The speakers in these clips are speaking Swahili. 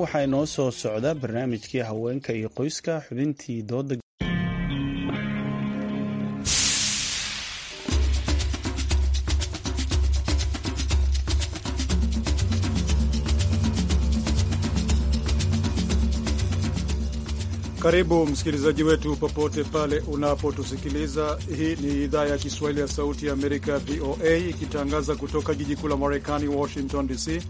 Waxaa inoo soo socda barnaamijkii haweenka iyo qoyska xubintii dooda. Karibu msikilizaji wetu popote pale unapotusikiliza. Hii ni idhaa ya Kiswahili ya Sauti ya Amerika, VOA, ikitangaza kutoka jiji kuu la Marekani, Washington DC.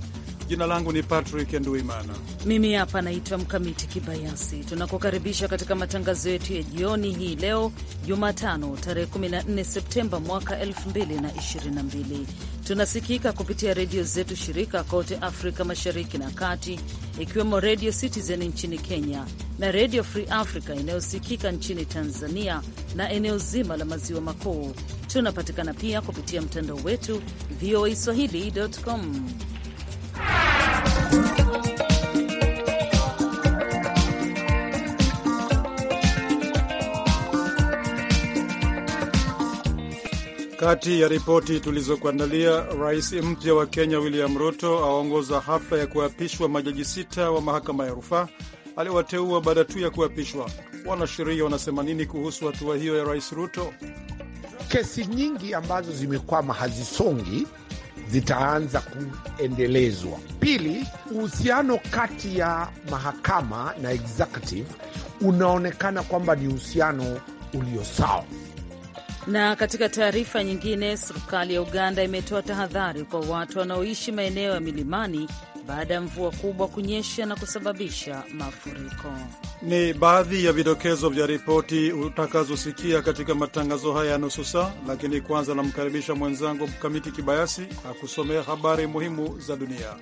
Jina langu ni Patrick Nduimana. Mimi hapa naitwa Mkamiti Kibayasi. Tunakukaribisha katika matangazo yetu ya jioni hii leo Jumatano, tarehe 14 Septemba mwaka 2022. Tunasikika kupitia redio zetu shirika kote Afrika Mashariki na Kati, ikiwemo Redio Citizen nchini Kenya na Redio Free Africa inayosikika nchini Tanzania na eneo zima la maziwa makuu. Tunapatikana pia kupitia mtandao wetu voa swahili.com. Kati ya ripoti tulizokuandalia, rais mpya wa Kenya William Ruto aongoza hafla ya kuapishwa majaji sita wa mahakama ya rufaa aliowateua baada tu ya kuapishwa. Wanasheria wanasema nini kuhusu hatua hiyo ya rais Ruto? Kesi nyingi ambazo zimekwama hazisongi zitaanza kuendelezwa. Pili, uhusiano kati ya mahakama na executive unaonekana kwamba ni uhusiano ulio sawa. Na katika taarifa nyingine, serikali ya Uganda imetoa tahadhari kwa watu wanaoishi maeneo ya milimani baada ya mvua kubwa kunyesha na kusababisha mafuriko. Ni baadhi ya vidokezo vya ripoti utakazosikia katika matangazo haya ya nusu saa, lakini kwanza namkaribisha mwenzangu Mkamiti Kibayasi akusomea habari muhimu za dunia.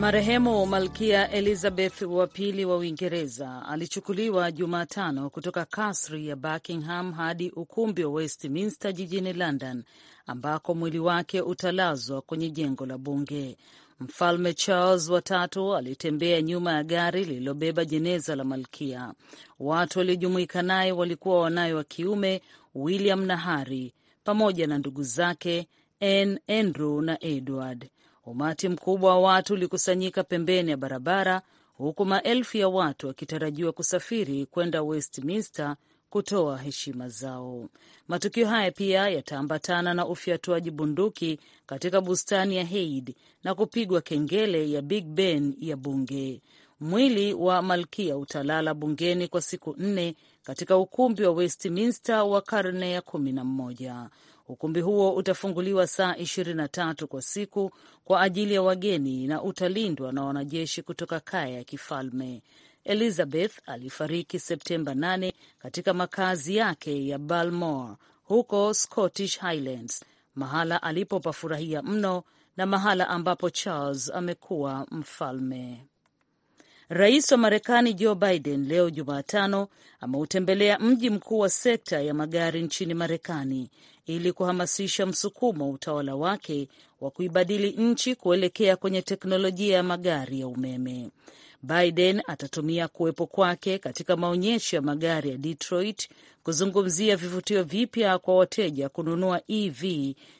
Marehemu Malkia Elizabeth wa pili wa Uingereza alichukuliwa Jumatano kutoka kasri ya Buckingham hadi ukumbi wa Westminster jijini London, ambako mwili wake utalazwa kwenye jengo la bunge. Mfalme Charles watatu alitembea nyuma ya gari lililobeba jeneza la Malkia. Watu waliojumuika naye walikuwa wanaye wa kiume William na Harry pamoja na ndugu zake Anne, Andrew na Edward. Umati mkubwa wa watu ulikusanyika pembeni ya barabara huku maelfu ya watu wakitarajiwa kusafiri kwenda Westminster kutoa heshima zao. Matukio haya pia yataambatana na ufyatuaji bunduki katika bustani ya Hyde na kupigwa kengele ya Big Ben ya bunge. Mwili wa malkia utalala bungeni kwa siku nne katika ukumbi wa Westminster wa karne ya kumi na mmoja. Ukumbi huo utafunguliwa saa 23 kwa siku kwa ajili ya wageni na utalindwa na wanajeshi kutoka kaya ya kifalme. Elizabeth alifariki Septemba 8 katika makazi yake ya Balmore huko Scottish Highlands, mahala alipopafurahia mno na mahala ambapo Charles amekuwa mfalme. Rais wa Marekani Joe Biden leo Jumatano ameutembelea mji mkuu wa sekta ya magari nchini Marekani ili kuhamasisha msukumo wa utawala wake wa kuibadili nchi kuelekea kwenye teknolojia ya magari ya umeme. Biden atatumia kuwepo kwake katika maonyesho ya magari ya Detroit kuzungumzia vivutio vipya kwa wateja kununua EV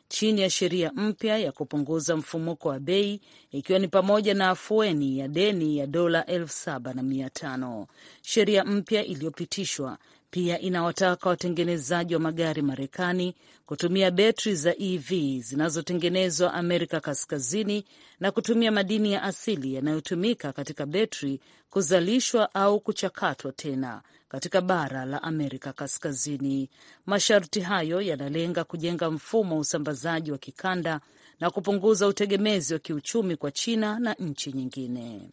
chini ya sheria mpya ya kupunguza mfumuko wa bei ikiwa ni pamoja na afueni ya deni ya dola elfu saba na mia tano. Sheria mpya iliyopitishwa pia inawataka watengenezaji wa magari Marekani kutumia betri za EV zinazotengenezwa Amerika Kaskazini na kutumia madini ya asili yanayotumika katika betri kuzalishwa au kuchakatwa tena katika bara la Amerika Kaskazini. Masharti hayo yanalenga kujenga mfumo wa usambazaji wa kikanda na kupunguza utegemezi wa kiuchumi kwa China na nchi nyingine.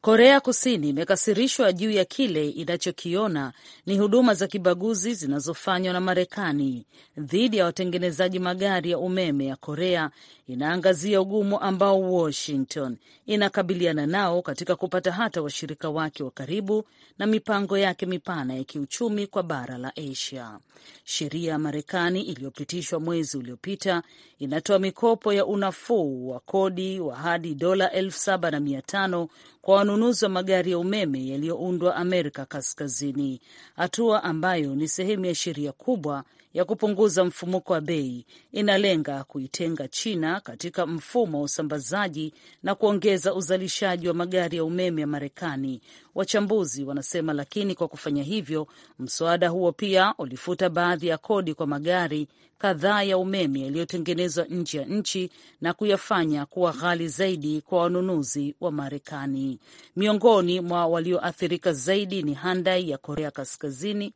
Korea Kusini imekasirishwa juu ya kile inachokiona ni huduma za kibaguzi zinazofanywa na Marekani dhidi ya watengenezaji magari ya umeme ya Korea inaangazia ugumu ambao Washington inakabiliana nao katika kupata hata washirika wake wa karibu na mipango yake mipana ya kiuchumi kwa bara la Asia. Sheria ya Marekani iliyopitishwa mwezi uliopita inatoa mikopo ya unafuu wa kodi wa hadi dola elfu saba na mia tano kwa wanunuzi wa magari ya umeme yaliyoundwa Amerika Kaskazini, hatua ambayo ni sehemu ya sheria kubwa ya kupunguza mfumuko wa bei inalenga kuitenga China katika mfumo wa usambazaji na kuongeza uzalishaji wa magari ya umeme ya Marekani, wachambuzi wanasema. Lakini kwa kufanya hivyo, mswada huo pia ulifuta baadhi ya kodi kwa magari kadhaa ya umeme yaliyotengenezwa nje ya nchi na kuyafanya kuwa ghali zaidi kwa wanunuzi wa Marekani. Miongoni mwa walioathirika zaidi ni Hyundai ya Korea Kaskazini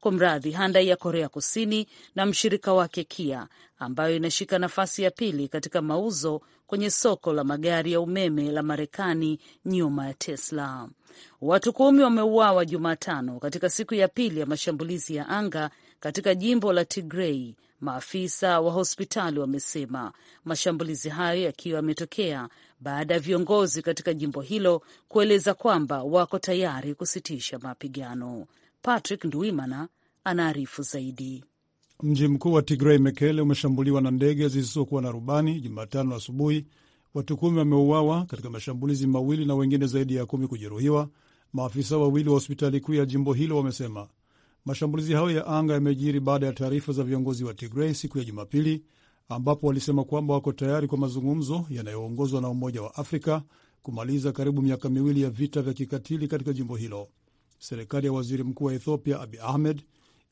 kumradhi, handai ya Korea Kusini na mshirika wake Kia, ambayo inashika nafasi ya pili katika mauzo kwenye soko la magari ya umeme la Marekani nyuma ya Tesla. Watu kumi wameuawa Jumatano katika siku ya pili ya mashambulizi ya anga katika jimbo la Tigrei, maafisa wa hospitali wamesema, mashambulizi hayo yakiwa yametokea baada ya viongozi katika jimbo hilo kueleza kwamba wako tayari kusitisha mapigano. Patrick Ndwimana anaarifu zaidi. Mji mkuu wa Tigrei, Mekele, umeshambuliwa na ndege zisizokuwa na rubani Jumatano asubuhi. Watu kumi wameuawa katika mashambulizi mawili na wengine zaidi ya kumi kujeruhiwa, maafisa wawili wa hospitali kuu ya jimbo hilo wamesema. Mashambulizi hayo ya anga yamejiri baada ya taarifa za viongozi wa Tigrei siku ya Jumapili, ambapo walisema kwamba wako tayari kwa mazungumzo yanayoongozwa na Umoja wa Afrika kumaliza karibu miaka miwili ya vita vya kikatili katika jimbo hilo. Serikali ya waziri mkuu wa Ethiopia Abi Ahmed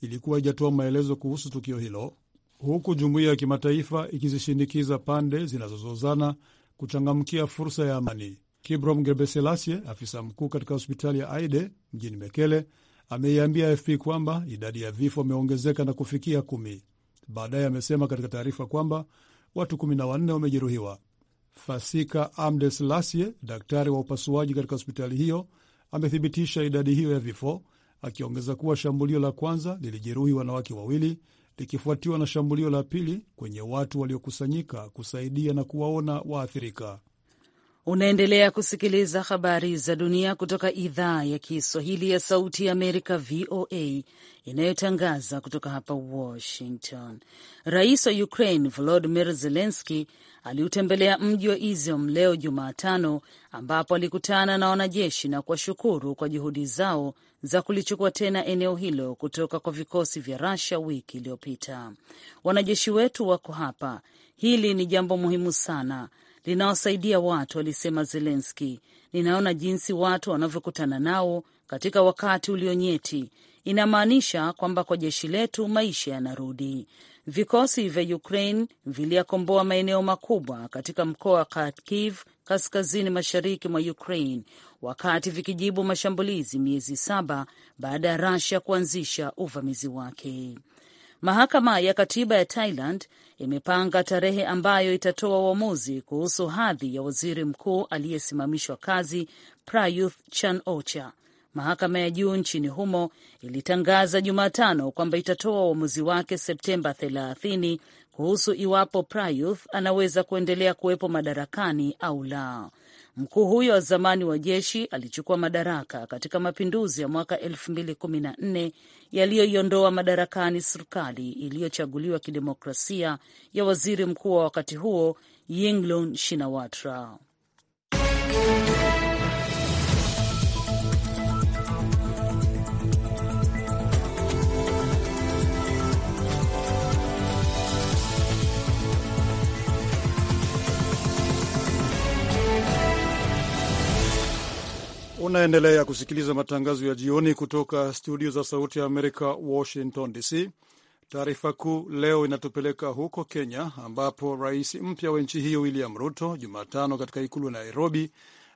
ilikuwa haijatoa maelezo kuhusu tukio hilo, huku jumuiya ya kimataifa ikizishinikiza pande zinazozozana kuchangamkia fursa ya amani. Kibrom Gebeselasie, afisa mkuu katika hospitali ya Aide mjini Mekele, ameiambia AFP kwamba idadi ya vifo imeongezeka na kufikia kumi. Baadaye amesema katika taarifa kwamba watu wanne wamejeruhiwa. Fasika Amdeslasie, daktari wa upasuaji katika hospitali hiyo, amethibitisha idadi hiyo ya vifo, akiongeza kuwa shambulio la kwanza lilijeruhi wanawake wawili likifuatiwa na shambulio la pili kwenye watu waliokusanyika kusaidia na kuwaona waathirika. Unaendelea kusikiliza habari za dunia kutoka idhaa ya Kiswahili ya Sauti ya Amerika, VOA, inayotangaza kutoka hapa Washington. Rais wa Ukraine Volodimir Zelenski aliutembelea mji wa Izium leo Jumatano, ambapo alikutana na wanajeshi na kuwashukuru kwa juhudi zao za kulichukua tena eneo hilo kutoka kwa vikosi vya rasha wiki iliyopita. Wanajeshi wetu wako hapa, hili ni jambo muhimu sana linawasaidia watu, alisema Zelenski. Ninaona jinsi watu wanavyokutana nao katika wakati ulionyeti. Inamaanisha kwamba kwa jeshi letu maisha yanarudi. Vikosi vya Ukraine viliyakomboa maeneo makubwa katika mkoa wa Kharkiv kaskazini mashariki mwa Ukraine wakati vikijibu mashambulizi miezi saba baada ya Russia kuanzisha uvamizi wake. Mahakama ya Katiba ya Thailand imepanga tarehe ambayo itatoa uamuzi kuhusu hadhi ya waziri mkuu aliyesimamishwa kazi Prayuth Chan-ocha. Mahakama ya juu nchini humo ilitangaza Jumatano kwamba itatoa uamuzi wake Septemba 30 kuhusu iwapo Prayuth anaweza kuendelea kuwepo madarakani au la. Mkuu huyo wa zamani wa jeshi alichukua madaraka katika mapinduzi ya mwaka 2014 yaliyoiondoa madarakani serikali iliyochaguliwa kidemokrasia ya waziri mkuu wa wakati huo Yinglun Shinawatra. Unaendelea kusikiliza matangazo ya jioni kutoka studio za Sauti ya Amerika, Washington DC. Taarifa kuu leo inatupeleka huko Kenya, ambapo rais mpya wa nchi hiyo William Ruto Jumatano katika ikulu ya Nairobi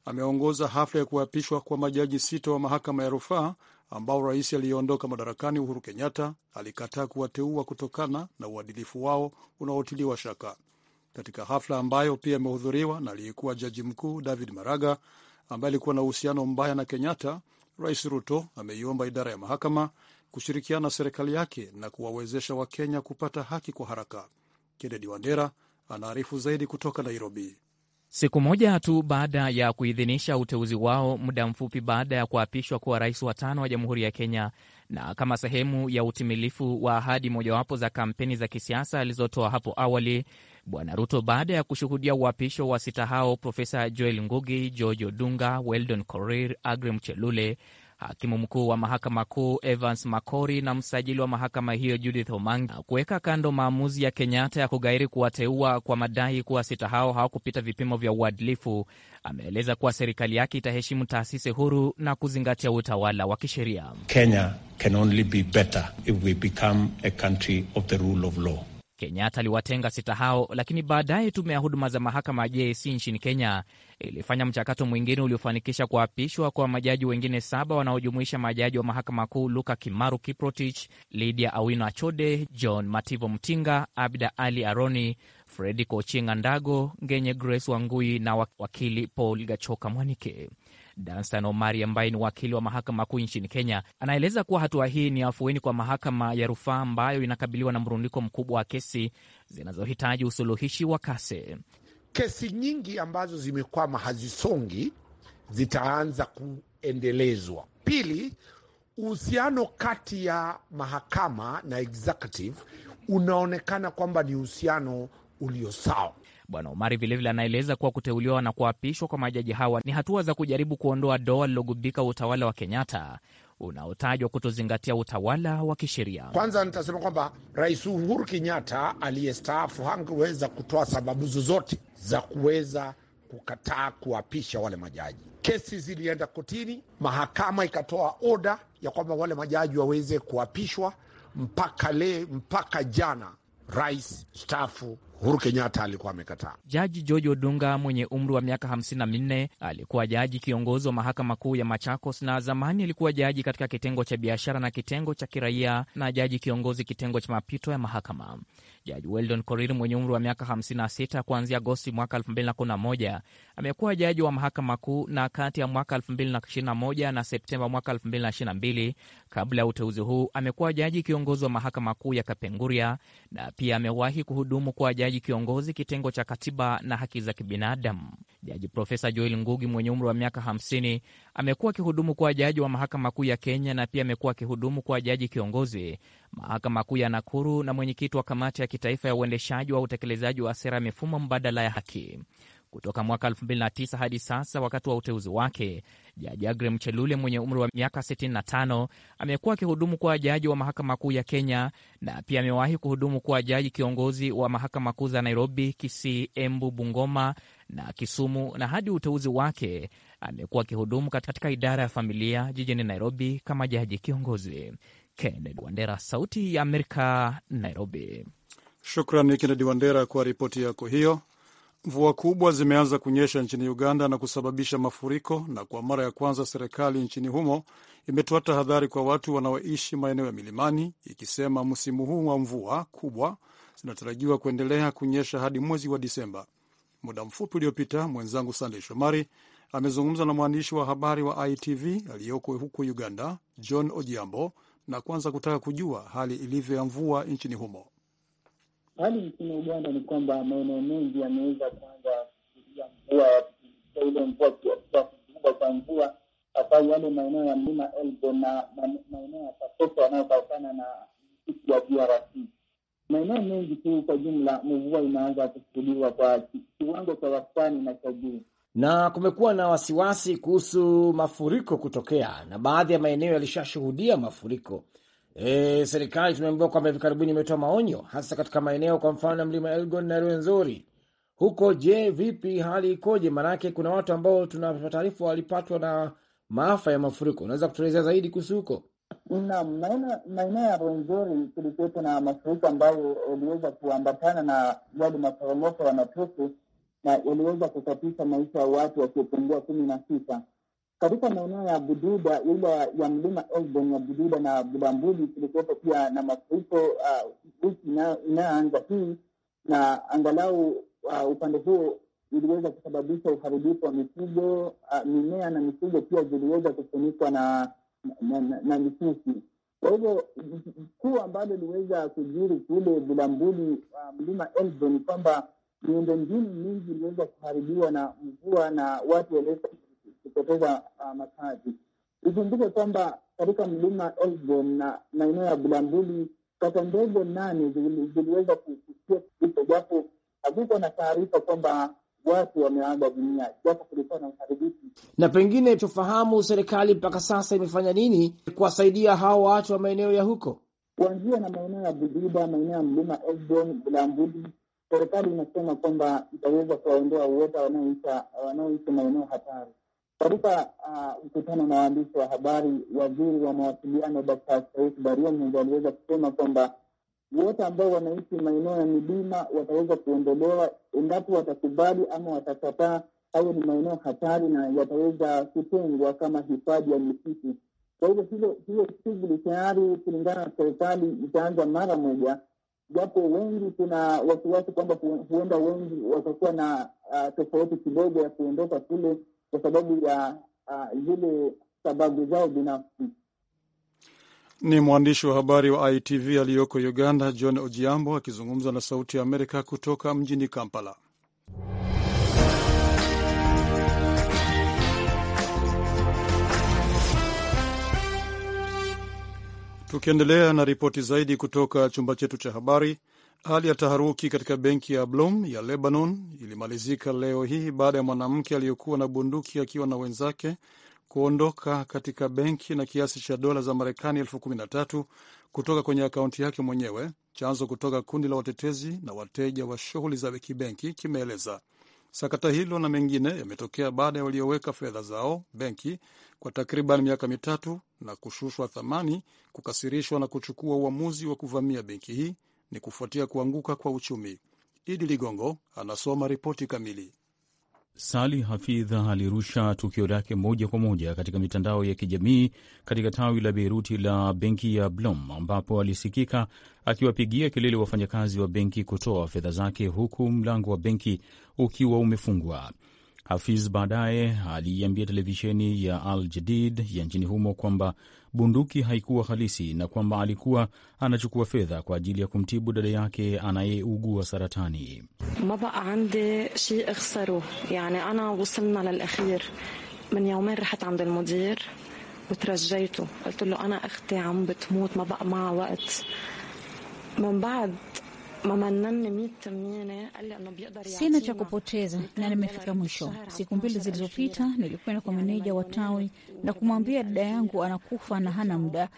ameongoza hafla ya kuapishwa kwa majaji sita wa mahakama ya rufaa ambao rais aliyeondoka madarakani Uhuru Kenyatta alikataa kuwateua kutokana na uadilifu wao unaotiliwa shaka. Katika hafla ambayo pia imehudhuriwa na aliyekuwa jaji mkuu David Maraga, ambaye alikuwa na uhusiano mbaya na Kenyatta, Rais Ruto ameiomba idara ya mahakama kushirikiana na serikali yake na kuwawezesha Wakenya kupata haki kwa haraka. Kennedy Wandera anaarifu zaidi kutoka Nairobi. Siku moja tu baada ya kuidhinisha uteuzi wao, muda mfupi baada ya kuapishwa kuwa rais wa tano wa jamhuri ya Kenya, na kama sehemu ya utimilifu wa ahadi mojawapo za kampeni za kisiasa alizotoa hapo awali, Bwana Ruto baada ya kushuhudia uapisho wa sita hao, Profesa Joel Ngugi, George Odunga, Weldon Korir, Agrim Chelule, hakimu mkuu wa mahakama kuu Evans Makori na msajili wa mahakama hiyo Judith omang kuweka kando maamuzi ya Kenyatta ya kugairi kuwateua kwa madai kuwa sita hao hawakupita vipimo vya uadilifu, ameeleza kuwa serikali yake itaheshimu taasisi huru na kuzingatia utawala wa kisheria. Kenya can only be better if we become a country of the rule of law. Kenyatta aliwatenga sita hao, lakini baadaye tume ya huduma za mahakama ya JSC nchini Kenya ilifanya mchakato mwingine uliofanikisha kuapishwa kwa majaji wengine saba wanaojumuisha majaji wa mahakama kuu Luka Kimaru Kiprotich, Lydia Awino Achode, John Mativo Mtinga, Abda Ali Aroni, Fredi Kochinga Ndago, Ngenye Grace Wangui na wakili Paul Gachoka Mwanike. Danstan Omari ambaye ni wakili wa mahakama kuu nchini Kenya anaeleza kuwa hatua hii ni afueni kwa mahakama ya rufaa ambayo inakabiliwa na mrundiko mkubwa wa kesi zinazohitaji usuluhishi wa kasi. Kesi nyingi ambazo zimekwama hazisongi zitaanza kuendelezwa. Pili, uhusiano kati ya mahakama na executive unaonekana kwamba ni uhusiano ulio sawa. Bwana Omari vilevile anaeleza kuwa kuteuliwa na kuapishwa kwa majaji hawa ni hatua za kujaribu kuondoa doa lilogubika utawala wa Kenyatta unaotajwa kutozingatia utawala wa kisheria. Kwanza nitasema kwamba Rais Uhuru Kenyatta aliyestaafu hangeweza kutoa sababu zozote za kuweza kukataa kuapisha wale majaji. Kesi zilienda kotini, mahakama ikatoa oda ya kwamba wale majaji waweze kuapishwa. Mpaka le mpaka jana rais staafu Uhuru Kenyatta alikuwa amekataa. Jaji George Odunga mwenye umri wa miaka 54 na minne alikuwa jaji kiongozi wa mahakama kuu ya Machakos na zamani alikuwa jaji katika kitengo cha biashara na kitengo cha kiraia na jaji kiongozi kitengo cha mapito ya mahakama. Jaji Weldon Korir mwenye umri wa miaka 56 kuanzia Agosti mwaka 2011 amekuwa jaji wa mahakama kuu, na kati ya mwaka 2021 na Septemba mwaka 2022, kabla ya uteuzi huu, amekuwa jaji kiongozi wa mahakama kuu ya Kapenguria na pia amewahi kuhudumu kuwa jaji kiongozi kitengo cha katiba na haki za kibinadamu. Jaji Profesa Joel Ngugi mwenye umri wa miaka 50 amekuwa akihudumu kuwa jaji wa mahakama kuu ya Kenya na pia amekuwa akihudumu kuwa jaji kiongozi mahakama kuu ya Nakuru na mwenyekiti wa kamati ya kitaifa ya uendeshaji wa utekelezaji wa sera ya mifumo mbadala ya haki kutoka mwaka 2009 hadi sasa. Wakati wa uteuzi wake, Jaji Aggrey Mchelule mwenye umri wa miaka 65 amekuwa akihudumu kuwa jaji wa mahakama kuu ya Kenya na pia amewahi kuhudumu kuwa jaji kiongozi wa mahakama kuu za Nairobi, Kisii, Embu, Bungoma na Kisumu, na hadi uteuzi wake amekuwa akihudumu katika idara ya familia jijini Nairobi kama jaji kiongozi. Kennedy Wandera, Sauti ya Amerika, Nairobi. Shukrani Kennedy Wandera kwa ripoti yako hiyo. Mvua kubwa zimeanza kunyesha nchini Uganda na kusababisha mafuriko, na kwa mara ya kwanza serikali nchini humo imetoa tahadhari kwa watu wanaoishi maeneo ya milimani, ikisema msimu huu wa mvua kubwa zinatarajiwa kuendelea kunyesha hadi mwezi wa Disemba. Muda mfupi uliopita, mwenzangu Sandey Shomari amezungumza na mwandishi wa habari wa ITV aliyoko huko Uganda, John Ojiambo, na kwanza kutaka kujua hali ilivyo ya mvua nchini humo hali nchini Uganda ni kwamba maeneo mengi yameweza kuanza kupitia mvua ile mvua kikubwa kwa mvua, hasa yale maeneo ya mlima Elbo na maeneo ya Kasese yanayopakana na misitu ya DRC. Maeneo mengi tu kwa jumla, mvua inaanza kushuhudiwa kwa kiwango cha wastani na cha juu na kumekuwa na wasiwasi kuhusu mafuriko kutokea, na baadhi ya maeneo yalishashuhudia mafuriko. E, serikali tumeambiwa kwamba hivi karibuni imetoa maonyo hasa katika maeneo kwa mfano ya mlima Elgon na Rwenzori huko. Je, vipi hali ikoje? Maanake kuna watu ambao tunapata taarifa walipatwa na maafa ya mafuriko. Unaweza kutuelezea zaidi kuhusu huko? Naam, maeneo ya Rwenzori kulikuwepo na mafuriko ambayo yaliweza kuambatana na yale maporomoko ya matope na yaliweza kukatisha maisha ya watu wasiopungua kumi na sita katika maeneo ya Bududa ile ya mlima Elgon ya Bududa na Bulambuli kulikuwepo pia na mafuriko uh, wiki uh, inayoanza hii, na angalau uh, upande huo iliweza kusababisha uharibifu wa mifugo uh, mimea na mifugo pia ziliweza kufunikwa na na, na, na mifusi. Kwa hivyo kuu ambalo iliweza kujiri kule Bulambuli uh, mlima Elgon kwamba miundombinu mingi iliweza kuharibiwa na mvua na watu waliweza kupoteza uh, ah, makazi. Ikumbuke kwamba katika mlima Elgon na maeneo ya Bulambuli kata ndogo nane ziliweza kufikia kifo, japo hazikuwa na taarifa kwamba watu wameaga dunia, japo kulikuwa na uharibifu. Na pengine tufahamu, serikali mpaka sasa imefanya nini kuwasaidia hawa watu wa maeneo ya huko, kuanzia na maeneo ya Bududa, maeneo ya mlima Elgon, Bulambuli. Serikali inasema kwamba itaweza kuwaondoa wote wanaoishi maeneo hatari katika uh, mkutano uh, na waandishi wa habari, waziri wa mawasiliano Dkt. Said aliweza kusema kwamba wote ambao wanaishi maeneo ya milima wataweza kuondolewa endapo watakubali ama watakataa. Hayo ni maeneo hatari na yataweza kutengwa kama hifadhi ya misitu. Kwa hivyo hiyo shughuli tayari, kulingana na serikali, itaanza mara moja, japo wengi kuna wasiwasi kwamba huenda wengi watakuwa na uh, tofauti kidogo ya kuondoka kule kwa sababu ya uh, zile sababu zao binafsi. Ni mwandishi wa habari wa ITV aliyoko Uganda, John Ojiambo akizungumza na Sauti ya Amerika kutoka mjini Kampala. Tukiendelea na ripoti zaidi kutoka chumba chetu cha habari, Hali ya taharuki katika benki ya Blom ya Lebanon ilimalizika leo hii baada ya mwanamke aliyekuwa na bunduki akiwa na wenzake kuondoka katika benki na kiasi cha dola za Marekani elfu kumi na tatu kutoka kwenye akaunti yake mwenyewe. Chanzo kutoka kundi la watetezi na wateja wa shughuli za kibenki kimeeleza sakata hilo na mengine yametokea baada ya walioweka fedha zao benki kwa takriban miaka mitatu na kushushwa thamani kukasirishwa na kuchukua uamuzi wa kuvamia benki hii ni kufuatia kuanguka kwa uchumi. Idi Ligongo anasoma ripoti kamili. Sali Hafidha alirusha tukio lake moja kwa moja katika mitandao ya kijamii katika tawi la Beiruti la benki ya Blom ambapo alisikika akiwapigia kelele wafanyakazi wa benki kutoa fedha zake huku mlango wa benki ukiwa umefungwa. Hafiz baadaye aliiambia televisheni ya Al Jadid ya nchini humo kwamba bunduki haikuwa halisi na kwamba alikuwa anachukua fedha kwa ajili ya kumtibu dada yake anayeugua saratani. ma baa shi akhsaru yani ana wasalna lil akhir min yawmin rahat and al mudir وترجيته قلت له انا اختي عم بتموت ما بقى معها وقت من بعد Sina cha kupoteza na nimefika mwisho. Siku mbili zilizopita nilikwenda kwa yaani meneja wa tawi na kumwambia dada yangu anakufa na hana muda.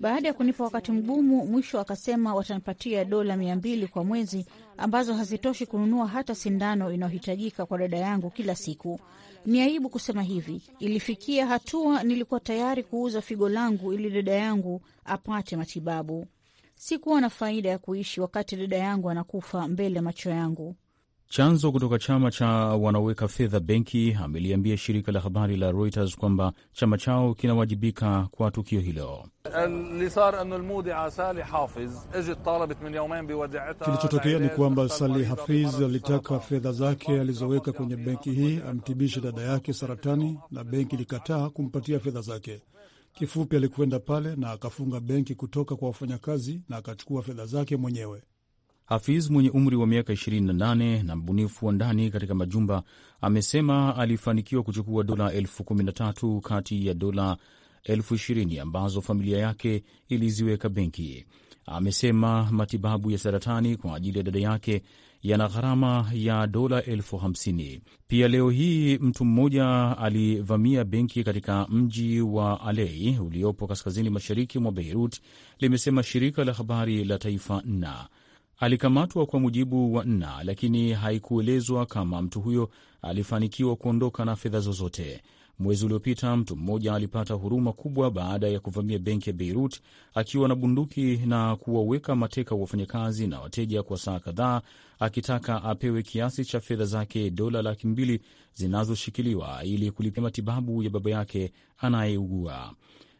Baada ya kunipa wakati mgumu, mwisho akasema watanipatia dola mia mbili kwa mwezi ambazo hazitoshi kununua hata sindano inayohitajika kwa dada yangu kila siku. Ni aibu kusema hivi, ilifikia hatua nilikuwa tayari kuuza figo langu ili dada yangu apate matibabu. Sikuwa na faida ya kuishi wakati dada yangu anakufa mbele ya macho yangu. Chanzo kutoka chama cha wanaoweka fedha benki ameliambia shirika la habari la Reuters kwamba chama chao kinawajibika kwa tukio hilo. Kilichotokea ni kwamba Sali Hafiz alitaka fedha zake alizoweka kwenye benki hii amtibishe dada yake saratani, na benki ilikataa kumpatia fedha zake. Kifupi, alikwenda pale na akafunga benki kutoka kwa wafanyakazi na akachukua fedha zake mwenyewe. Hafiz mwenye umri wa miaka 28 na mbunifu wa ndani katika majumba amesema alifanikiwa kuchukua dola elfu kumi na tatu kati ya dola elfu ishirini ambazo familia yake iliziweka benki. Amesema matibabu ya saratani kwa ajili ya dada yake yana gharama ya dola elfu hamsini. Pia leo hii mtu mmoja alivamia benki katika mji wa Alei uliopo kaskazini mashariki mwa Beirut, limesema shirika la habari la taifa NNA. Alikamatwa kwa mujibu wa NNA, lakini haikuelezwa kama mtu huyo alifanikiwa kuondoka na fedha zozote. Mwezi uliopita mtu mmoja alipata huruma kubwa baada ya kuvamia benki ya Beirut akiwa na bunduki na kuwaweka mateka wafanyakazi na wateja kwa saa kadhaa, akitaka apewe kiasi cha fedha zake dola laki mbili zinazoshikiliwa ili kulipia matibabu ya baba yake anayeugua.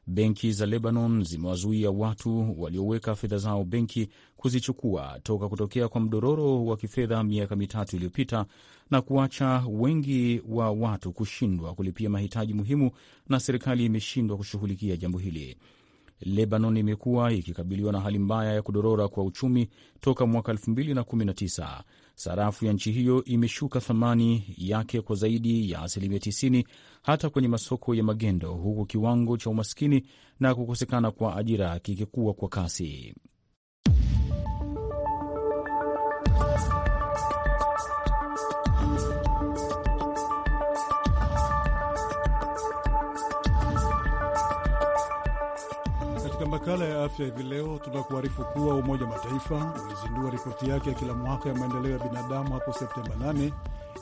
Benki za Lebanon zimewazuia watu walioweka fedha zao benki kuzichukua toka kutokea kwa mdororo wa kifedha miaka mitatu iliyopita na kuacha wengi wa watu kushindwa kulipia mahitaji muhimu, na serikali imeshindwa kushughulikia jambo hili. Lebanon imekuwa ikikabiliwa na hali mbaya ya kudorora kwa uchumi toka mwaka 2019 sarafu ya nchi hiyo imeshuka thamani yake kwa zaidi ya asilimia 90 hata kwenye masoko ya magendo, huku kiwango cha umaskini na kukosekana kwa ajira kikikuwa kwa kasi. makala ya afya hivi leo tunakuarifu kuwa Umoja Mataifa ulizindua ripoti yake ya kila mwaka ya maendeleo ya binadamu hapo Septemba 8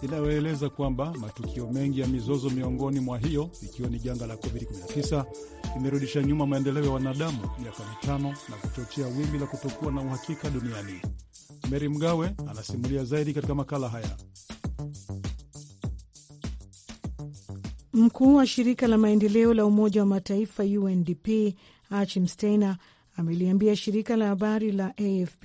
inayoeleza kwamba matukio mengi ya mizozo miongoni mwa hiyo ikiwa ni janga la COVID-19 imerudisha nyuma maendeleo ya wanadamu miaka mitano na kuchochea wimbi la kutokuwa na uhakika duniani. Meri Mgawe anasimulia zaidi katika makala haya. Mkuu wa shirika la maendeleo la Umoja wa Mataifa UNDP Achim Steiner ameliambia shirika la habari la AFP,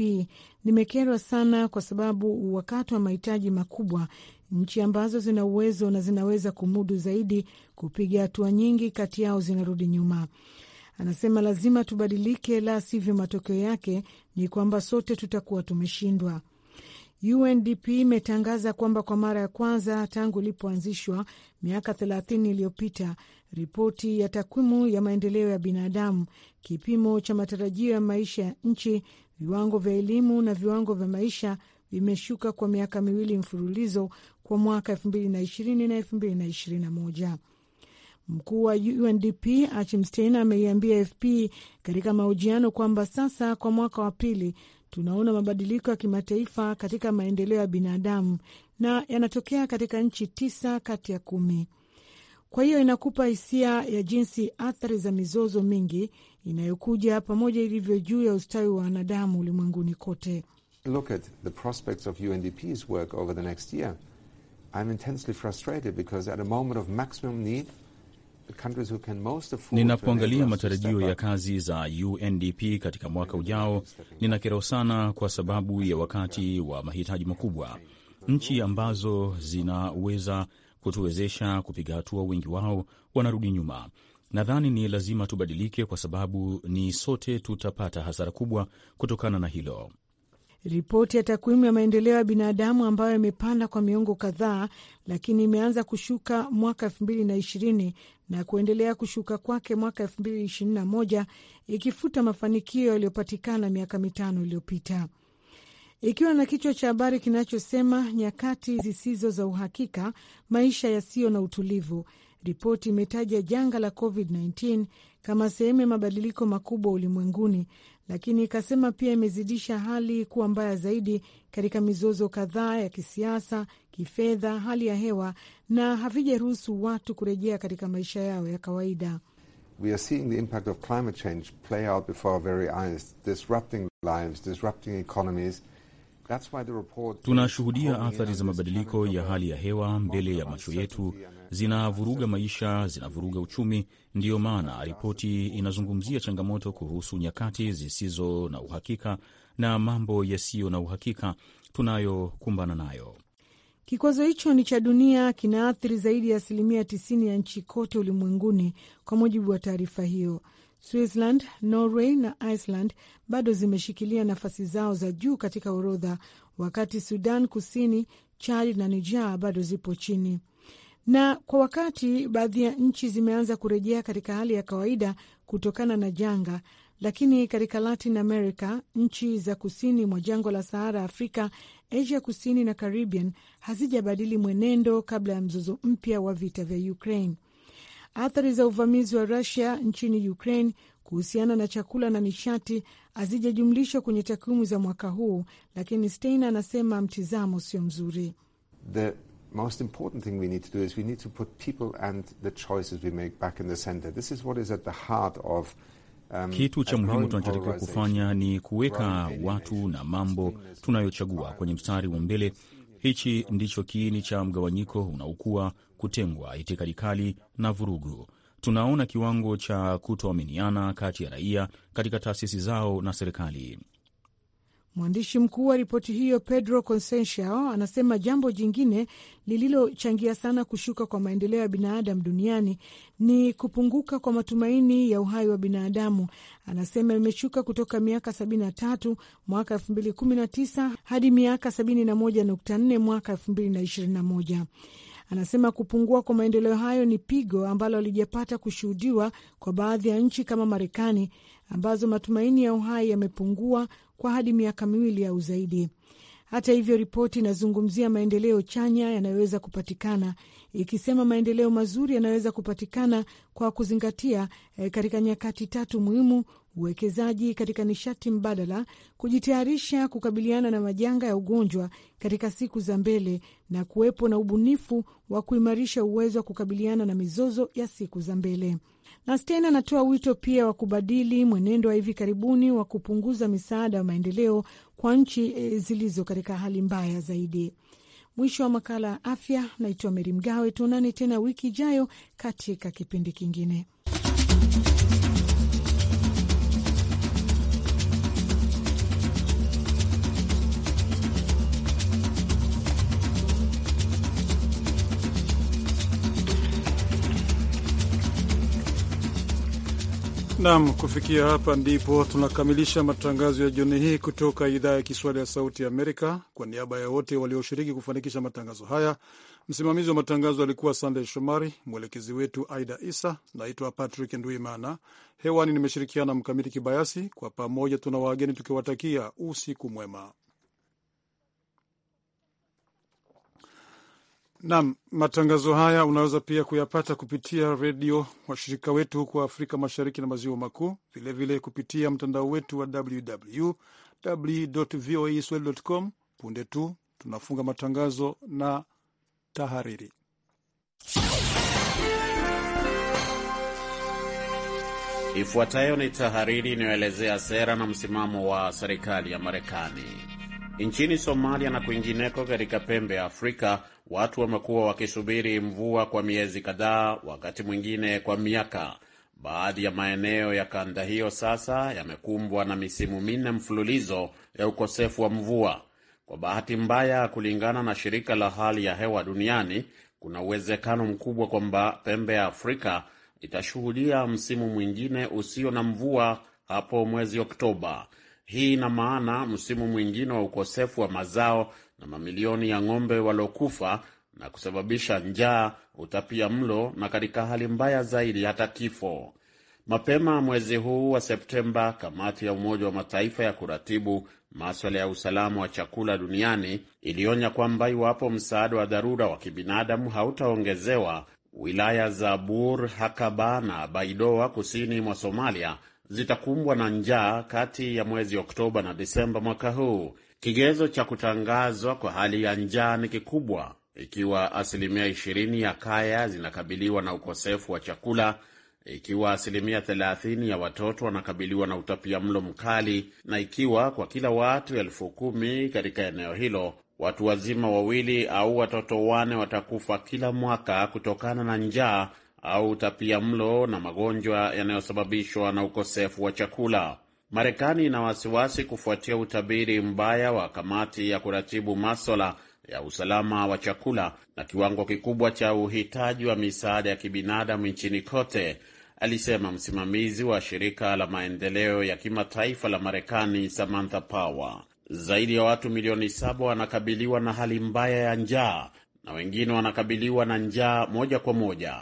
nimekerwa sana kwa sababu wakati wa mahitaji makubwa, nchi ambazo zina uwezo na zinaweza kumudu zaidi kupiga hatua nyingi kati yao zinarudi nyuma. Anasema lazima tubadilike, la sivyo matokeo yake ni kwamba sote tutakuwa tumeshindwa. UNDP imetangaza kwamba kwa mara ya kwanza tangu ilipoanzishwa miaka 30 iliyopita, ripoti ya takwimu ya maendeleo ya binadamu, kipimo cha matarajio ya maisha ya nchi, viwango vya elimu na viwango vya maisha vimeshuka kwa miaka miwili mfululizo kwa mwaka 2020 na 2021. Mkuu wa UNDP Achim ameiambia AFP katika mahojiano kwamba sasa kwa mwaka wa pili Tunaona mabadiliko ya kimataifa katika maendeleo ya binadamu na yanatokea katika nchi tisa kati ya kumi. Kwa hiyo inakupa hisia ya jinsi athari za mizozo mingi inayokuja pamoja ilivyo juu ya ustawi wa wanadamu ulimwenguni kote. Look at the prospects of UNDP's work over the next year. I'm intensely frustrated because at a moment of maximum need Ninapoangalia matarajio ya kazi za UNDP katika mwaka ujao, nina kero sana kwa sababu ya wakati wa mahitaji makubwa. Nchi ambazo zinaweza kutuwezesha kupiga hatua, wengi wao wanarudi nyuma. Nadhani ni lazima tubadilike, kwa sababu ni sote tutapata hasara kubwa kutokana na hilo. Ripoti ya takwimu ya maendeleo ya binadamu ambayo imepanda kwa miongo kadhaa, lakini imeanza kushuka mwaka elfu mbili na ishirini na kuendelea kushuka kwake mwaka elfu mbili ishirini na moja ikifuta mafanikio yaliyopatikana miaka mitano iliyopita, ikiwa na kichwa cha habari kinachosema nyakati zisizo za uhakika, maisha yasiyo na utulivu. Ripoti imetaja janga la COVID-19 kama sehemu ya mabadiliko makubwa ulimwenguni lakini ikasema pia imezidisha hali kuwa mbaya zaidi katika mizozo kadhaa ya kisiasa, kifedha, hali ya hewa na havijaruhusu watu kurejea katika maisha yao ya kawaida. We are seeing the impact of climate change play out before our very eyes, disrupting lives, disrupting economies. That's why the report... tunashuhudia athari za mabadiliko ya hali ya hewa mbele ya macho yetu zinavuruga maisha, zinavuruga uchumi. Ndiyo maana ripoti inazungumzia changamoto kuhusu nyakati zisizo na uhakika na mambo yasiyo na uhakika tunayokumbana nayo. Kikwazo hicho ni cha dunia, kinaathiri zaidi ya asilimia 90 ya nchi kote ulimwenguni, kwa mujibu wa taarifa hiyo. Switzerland, Norway na Iceland bado zimeshikilia nafasi zao za juu katika orodha, wakati Sudan Kusini, Chad na Niger bado zipo chini. Na kwa wakati, baadhi ya nchi zimeanza kurejea katika hali ya kawaida kutokana na janga, lakini katika Latin America, nchi za kusini mwa jangwa la Sahara, Afrika, Asia Kusini na Caribbean hazijabadili mwenendo kabla ya mzozo mpya wa vita vya Ukraine. Athari za uvamizi wa Rusia nchini Ukraine kuhusiana na chakula na nishati hazijajumlishwa kwenye takwimu za mwaka huu, lakini Stein anasema mtizamo sio mzuri. The most important thing we need to do is we need to put people and the choices we make back in the center. This is what is at the heart of um, kitu cha muhimu tunachotakiwa kufanya ni kuweka watu na mambo tunayochagua kwenye mstari wa mbele. Hichi ndicho kiini cha mgawanyiko unaokuwa, kutengwa, itikadi kali na vurugu. Tunaona kiwango cha kutoaminiana kati ya raia katika taasisi zao na serikali. Mwandishi mkuu wa ripoti hiyo Pedro Conceição anasema jambo jingine lililochangia sana kushuka kwa maendeleo ya binadamu duniani ni kupunguka kwa matumaini ya uhai wa binadamu. Anasema imeshuka kutoka miaka 73 mwaka 2019 hadi miaka 71.4 mwaka 2021. Anasema kupungua kwa maendeleo hayo ni pigo ambalo alijapata kushuhudiwa kwa baadhi ya nchi kama Marekani ambazo matumaini ya uhai yamepungua kwa hadi miaka miwili au zaidi. Hata hivyo, ripoti inazungumzia maendeleo chanya yanayoweza kupatikana, ikisema maendeleo mazuri yanayoweza kupatikana kwa kuzingatia eh, katika nyakati tatu muhimu: uwekezaji katika nishati mbadala, kujitayarisha kukabiliana na majanga ya ugonjwa katika siku za mbele, na kuwepo na ubunifu wa kuimarisha uwezo wa kukabiliana na mizozo ya siku za mbele. Gasten anatoa wito pia wa kubadili mwenendo wa hivi karibuni wa kupunguza misaada ya maendeleo kwa nchi e, zilizo katika hali mbaya zaidi. Mwisho wa makala ya afya. Naitwa Meri Mgawe, tuonane tena wiki ijayo katika kipindi kingine. Nam, kufikia hapa ndipo tunakamilisha matangazo ya jioni hii kutoka idhaa ya Kiswahili ya Sauti ya Amerika. Kwa niaba ya wote walioshiriki kufanikisha matangazo haya, msimamizi wa matangazo alikuwa Sandey Shomari, mwelekezi wetu Aida Isa. Naitwa Patrick Nduimana, hewani nimeshirikiana Mkamiti Kibayasi. Kwa pamoja tuna wageni tukiwatakia usiku mwema. Naam, matangazo haya unaweza pia kuyapata kupitia redio washirika wetu huko Afrika Mashariki na Maziwa Makuu, vilevile kupitia mtandao wetu wa www.voaswahili.com. Punde tu tunafunga matangazo na tahariri. Ifuatayo ni tahariri inayoelezea sera na msimamo wa serikali ya Marekani nchini Somalia na kwingineko katika pembe ya Afrika. Watu wamekuwa wakisubiri mvua kwa miezi kadhaa, wakati mwingine kwa miaka. Baadhi ya maeneo ya kanda hiyo sasa yamekumbwa na misimu minne mfululizo ya ukosefu wa mvua. Kwa bahati mbaya, kulingana na shirika la hali ya hewa duniani, kuna uwezekano mkubwa kwamba pembe ya Afrika itashuhudia msimu mwingine usio na mvua hapo mwezi Oktoba. Hii ina maana msimu mwingine wa ukosefu wa mazao na mamilioni ya ng'ombe waliokufa na kusababisha njaa, utapia mlo na katika hali mbaya zaidi hata kifo. Mapema mwezi huu wa Septemba, kamati ya Umoja wa Mataifa ya kuratibu maswala ya usalama wa chakula duniani ilionya kwamba iwapo msaada wa dharura wa kibinadamu hautaongezewa, wilaya za Bur, Hakaba na Baidoa kusini mwa Somalia zitakumbwa na njaa kati ya mwezi Oktoba na Disemba mwaka huu. Kigezo cha kutangazwa kwa hali ya njaa ni kikubwa, ikiwa asilimia 20 ya kaya zinakabiliwa na ukosefu wa chakula, ikiwa asilimia 30 ya watoto wanakabiliwa na utapiamlo mkali, na ikiwa kwa kila watu elfu kumi katika eneo hilo watu wazima wawili au watoto wane watakufa kila mwaka kutokana na njaa au utapia mlo na magonjwa yanayosababishwa na ukosefu wa chakula. Marekani ina wasiwasi kufuatia utabiri mbaya wa kamati ya kuratibu maswala ya usalama wa chakula na kiwango kikubwa cha uhitaji wa misaada ya kibinadamu nchini kote, alisema msimamizi wa shirika la maendeleo ya kimataifa la Marekani, Samantha Power. Zaidi ya watu milioni saba wanakabiliwa na hali mbaya ya njaa na wengine wanakabiliwa na njaa moja kwa moja.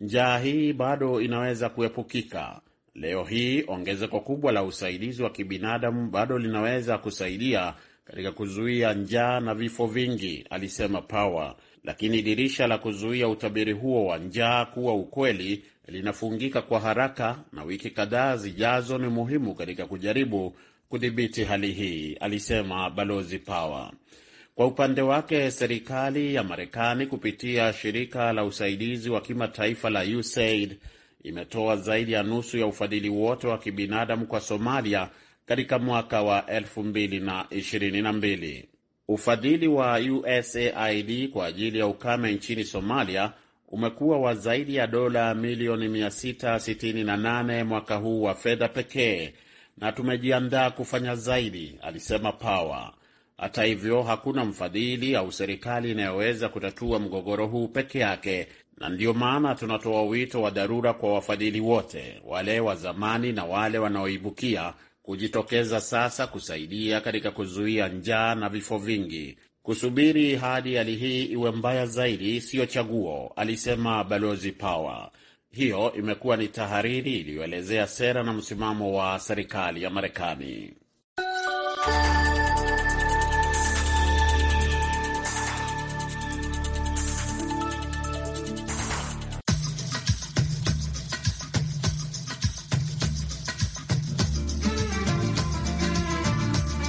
Njaa hii bado inaweza kuepukika. Leo hii ongezeko kubwa la usaidizi wa kibinadamu bado linaweza kusaidia katika kuzuia njaa na vifo vingi, alisema Power. Lakini dirisha la kuzuia utabiri huo wa njaa kuwa ukweli linafungika kwa haraka, na wiki kadhaa zijazo ni muhimu katika kujaribu kudhibiti hali hii, alisema Balozi Power. Kwa upande wake, serikali ya Marekani kupitia shirika la usaidizi wa kimataifa la USAID imetoa zaidi ya nusu ya ufadhili wote wa kibinadamu kwa Somalia katika mwaka wa 2022. Ufadhili wa USAID kwa ajili ya ukame nchini Somalia umekuwa wa zaidi ya dola milioni 668 mwaka huu wa fedha pekee, na tumejiandaa kufanya zaidi, alisema Power. Hata hivyo, hakuna mfadhili au serikali inayoweza kutatua mgogoro huu peke yake, na ndiyo maana tunatoa wito wa dharura kwa wafadhili wote, wale wa zamani na wale wanaoibukia, kujitokeza sasa kusaidia katika kuzuia njaa na vifo vingi. Kusubiri hadi hali hii iwe mbaya zaidi siyo chaguo, alisema Balozi Power. Hiyo imekuwa ni tahariri iliyoelezea sera na msimamo wa serikali ya Marekani.